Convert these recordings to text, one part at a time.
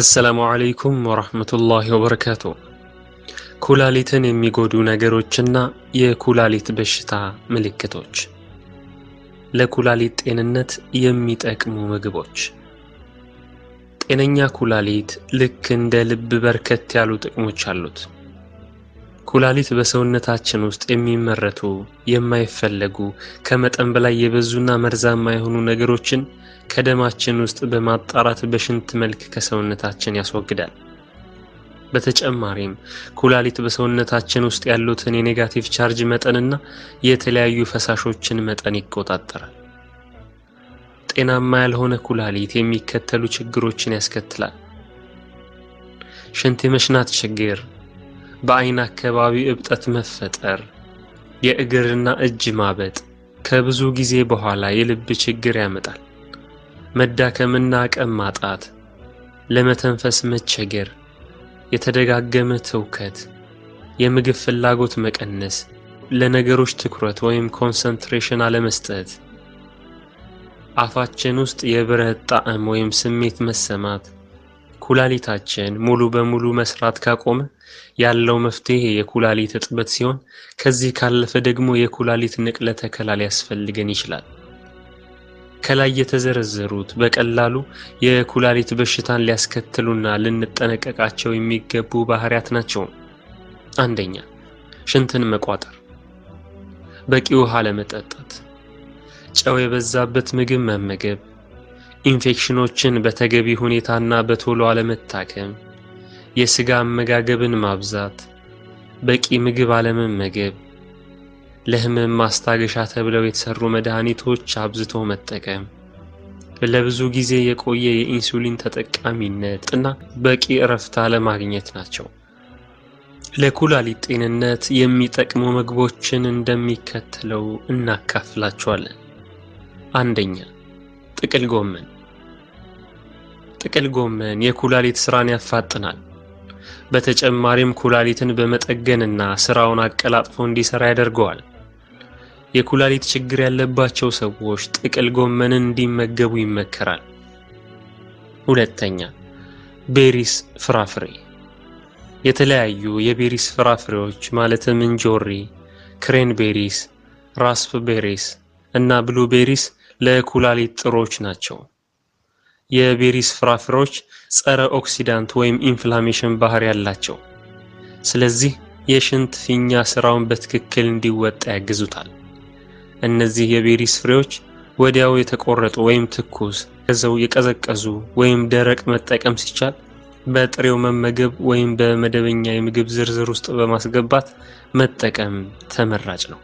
አሰላሙ ዓለይኩም ወረህመቱላሂ ወበረካቱ። ኩላሊትን የሚጎዱ ነገሮችና የኩላሊት በሽታ ምልክቶች፣ ለኩላሊት ጤንነት የሚጠቅሙ ምግቦች። ጤነኛ ኩላሊት ልክ እንደ ልብ በርከት ያሉ ጥቅሞች አሉት። ኩላሊት በሰውነታችን ውስጥ የሚመረቱ የማይፈለጉ ከመጠን በላይ የበዙና መርዛማ የሆኑ ነገሮችን ከደማችን ውስጥ በማጣራት በሽንት መልክ ከሰውነታችን ያስወግዳል። በተጨማሪም ኩላሊት በሰውነታችን ውስጥ ያሉትን የኔጋቲቭ ቻርጅ መጠንና የተለያዩ ፈሳሾችን መጠን ይቆጣጠራል። ጤናማ ያልሆነ ኩላሊት የሚከተሉ ችግሮችን ያስከትላል። ሽንት የመሽናት ችግር በዓይን አካባቢ እብጠት መፈጠር፣ የእግርና እጅ ማበጥ ከብዙ ጊዜ በኋላ የልብ ችግር ያመጣል። መዳከምና አቅም ማጣት፣ ለመተንፈስ መቸገር፣ የተደጋገመ ትውከት፣ የምግብ ፍላጎት መቀነስ፣ ለነገሮች ትኩረት ወይም ኮንሰንትሬሽን አለመስጠት፣ አፋችን ውስጥ የብረት ጣዕም ወይም ስሜት መሰማት ኩላሊታችን ሙሉ በሙሉ መስራት ካቆመ ያለው መፍትሄ የኩላሊት እጥበት ሲሆን ከዚህ ካለፈ ደግሞ የኩላሊት ንቅለ ተከላ ሊያስፈልገን ይችላል። ከላይ የተዘረዘሩት በቀላሉ የኩላሊት በሽታን ሊያስከትሉና ልንጠነቀቃቸው የሚገቡ ባህሪያት ናቸው። አንደኛ፣ ሽንትን መቋጠር፣ በቂ ውሃ ለመጠጣት፣ ጨው የበዛበት ምግብ መመገብ ኢንፌክሽኖችን በተገቢ ሁኔታና በቶሎ አለመታከም፣ የስጋ አመጋገብን ማብዛት፣ በቂ ምግብ አለመመገብ፣ ለህመም ማስታገሻ ተብለው የተሰሩ መድኃኒቶች አብዝቶ መጠቀም፣ ለብዙ ጊዜ የቆየ የኢንሱሊን ተጠቃሚነት እና በቂ እረፍት አለማግኘት ናቸው። ለኩላሊት ጤንነት የሚጠቅሙ ምግቦችን እንደሚከተለው እናካፍላቸዋለን። አንደኛ ጥቅል ጎመን ጥቅል ጎመን የኩላሊት ስራን ያፋጥናል። በተጨማሪም ኩላሊትን በመጠገንና ስራውን አቀላጥፎ እንዲሰራ ያደርገዋል። የኩላሊት ችግር ያለባቸው ሰዎች ጥቅል ጎመንን እንዲመገቡ ይመከራል። ሁለተኛ ቤሪስ ፍራፍሬ። የተለያዩ የቤሪስ ፍራፍሬዎች ማለትም እንጆሪ፣ ክሬን ቤሪስ፣ ራስፕ ቤሪስ እና ብሉ ቤሪስ ለኩላሊት ጥሮች ናቸው። የቤሪስ ፍራፍሬዎች ጸረ ኦክሲዳንት ወይም ኢንፍላሜሽን ባህሪ ያላቸው፣ ስለዚህ የሽንት ፊኛ ስራውን በትክክል እንዲወጣ ያግዙታል። እነዚህ የቤሪስ ፍሬዎች ወዲያው የተቆረጡ ወይም ትኩስ ከዘው የቀዘቀዙ ወይም ደረቅ መጠቀም ሲቻል በጥሬው መመገብ ወይም በመደበኛ የምግብ ዝርዝር ውስጥ በማስገባት መጠቀም ተመራጭ ነው።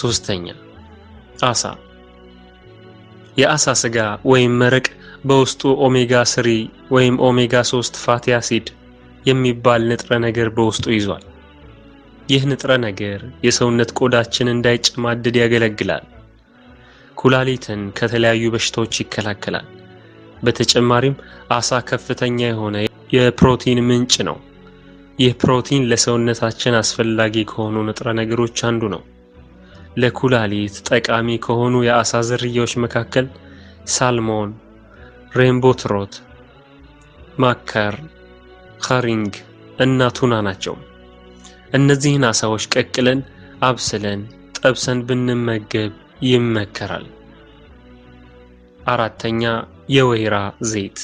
ሶስተኛ አሳ የአሳ ስጋ ወይም መረቅ በውስጡ ኦሜጋ ስሪ ወይም ኦሜጋ 3 ፋቲ አሲድ የሚባል ንጥረ ነገር በውስጡ ይዟል። ይህ ንጥረ ነገር የሰውነት ቆዳችን እንዳይጨማድድ ያገለግላል። ኩላሊትን ከተለያዩ በሽታዎች ይከላከላል። በተጨማሪም አሳ ከፍተኛ የሆነ የፕሮቲን ምንጭ ነው። ይህ ፕሮቲን ለሰውነታችን አስፈላጊ ከሆኑ ንጥረ ነገሮች አንዱ ነው። ለኩላሊት ጠቃሚ ከሆኑ የአሳ ዝርያዎች መካከል ሳልሞን ትሮት፣ ማከር፣ ኸሪንግ እና ቱና ናቸው። እነዚህን አሳዎች ቀቅለን አብስለን ጠብሰን ብንመገብ ይመከራል። አራተኛ የወይራ ዘይት።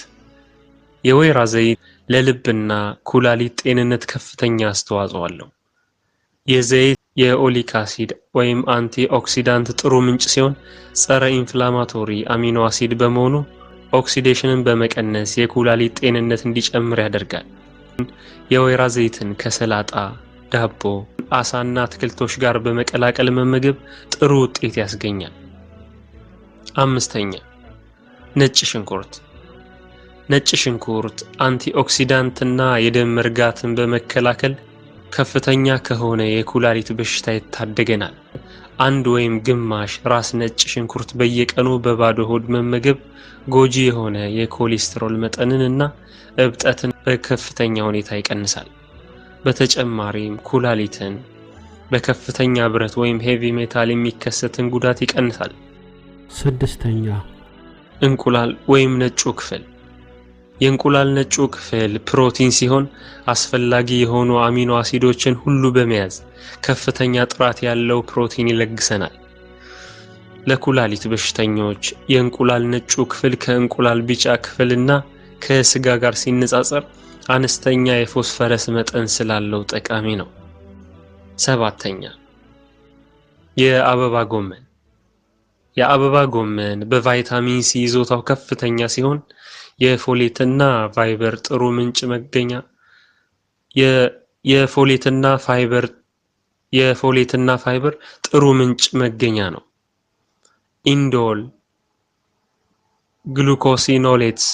የወይራ ዘይት ለልብና ኩላሊት ጤንነት ከፍተኛ አስተዋጽኦ አለው። የዘይት የኦሊክ አሲድ ወይም አንቲ ኦክሲዳንት ጥሩ ምንጭ ሲሆን ጸረ ኢንፍላማቶሪ አሚኖ አሲድ በመሆኑ ኦክሲዴሽንን በመቀነስ የኩላሊት ጤንነት እንዲጨምር ያደርጋል። የወይራ ዘይትን ከሰላጣ፣ ዳቦ፣ አሳና አትክልቶች ጋር በመቀላቀል መመገብ ጥሩ ውጤት ያስገኛል። አምስተኛ ነጭ ሽንኩርት። ነጭ ሽንኩርት አንቲኦክሲዳንትና የደም መርጋትን በመከላከል ከፍተኛ ከሆነ የኩላሊት በሽታ ይታደገናል። አንድ ወይም ግማሽ ራስ ነጭ ሽንኩርት በየቀኑ በባዶ ሆድ መመገብ ጎጂ የሆነ የኮሌስትሮል መጠንን እና እብጠትን በከፍተኛ ሁኔታ ይቀንሳል። በተጨማሪም ኩላሊትን በከፍተኛ ብረት ወይም ሄቪ ሜታል የሚከሰትን ጉዳት ይቀንሳል። ስድስተኛ እንቁላል ወይም ነጩ ክፍል የእንቁላል ነጩ ክፍል ፕሮቲን ሲሆን አስፈላጊ የሆኑ አሚኖ አሲዶችን ሁሉ በመያዝ ከፍተኛ ጥራት ያለው ፕሮቲን ይለግሰናል። ለኩላሊት በሽተኞች የእንቁላል ነጩ ክፍል ከእንቁላል ቢጫ ክፍልና ከስጋ ጋር ሲነጻጸር አነስተኛ የፎስፈረስ መጠን ስላለው ጠቃሚ ነው። ሰባተኛ የአበባ ጎመን የአበባ ጎመን በቫይታሚን ሲ ይዞታው ከፍተኛ ሲሆን የፎሌትና ፋይበር ጥሩ ምንጭ መገኛ የፎሌትና ፋይበር የፎሌትና ፋይበር ጥሩ ምንጭ መገኛ ነው። ኢንዶል፣ ግሉኮሲኖሌትስ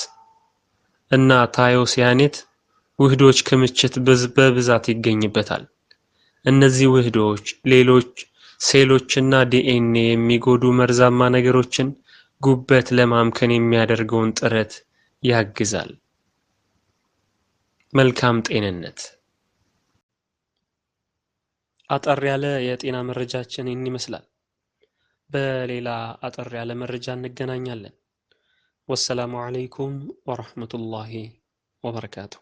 እና ታዮሲያኔት ውህዶች ክምችት በብዛት ይገኝበታል። እነዚህ ውህዶች ሌሎች ሴሎችና ዲኤንኤ የሚጎዱ መርዛማ ነገሮችን ጉበት ለማምከን የሚያደርገውን ጥረት ያግዛል። መልካም ጤንነት አጠር ያለ የጤና መረጃችን ይህን ይመስላል። በሌላ አጠር ያለ መረጃ እንገናኛለን። ወሰላሙ አለይኩም ወረህመቱላሂ ወበረካቱ።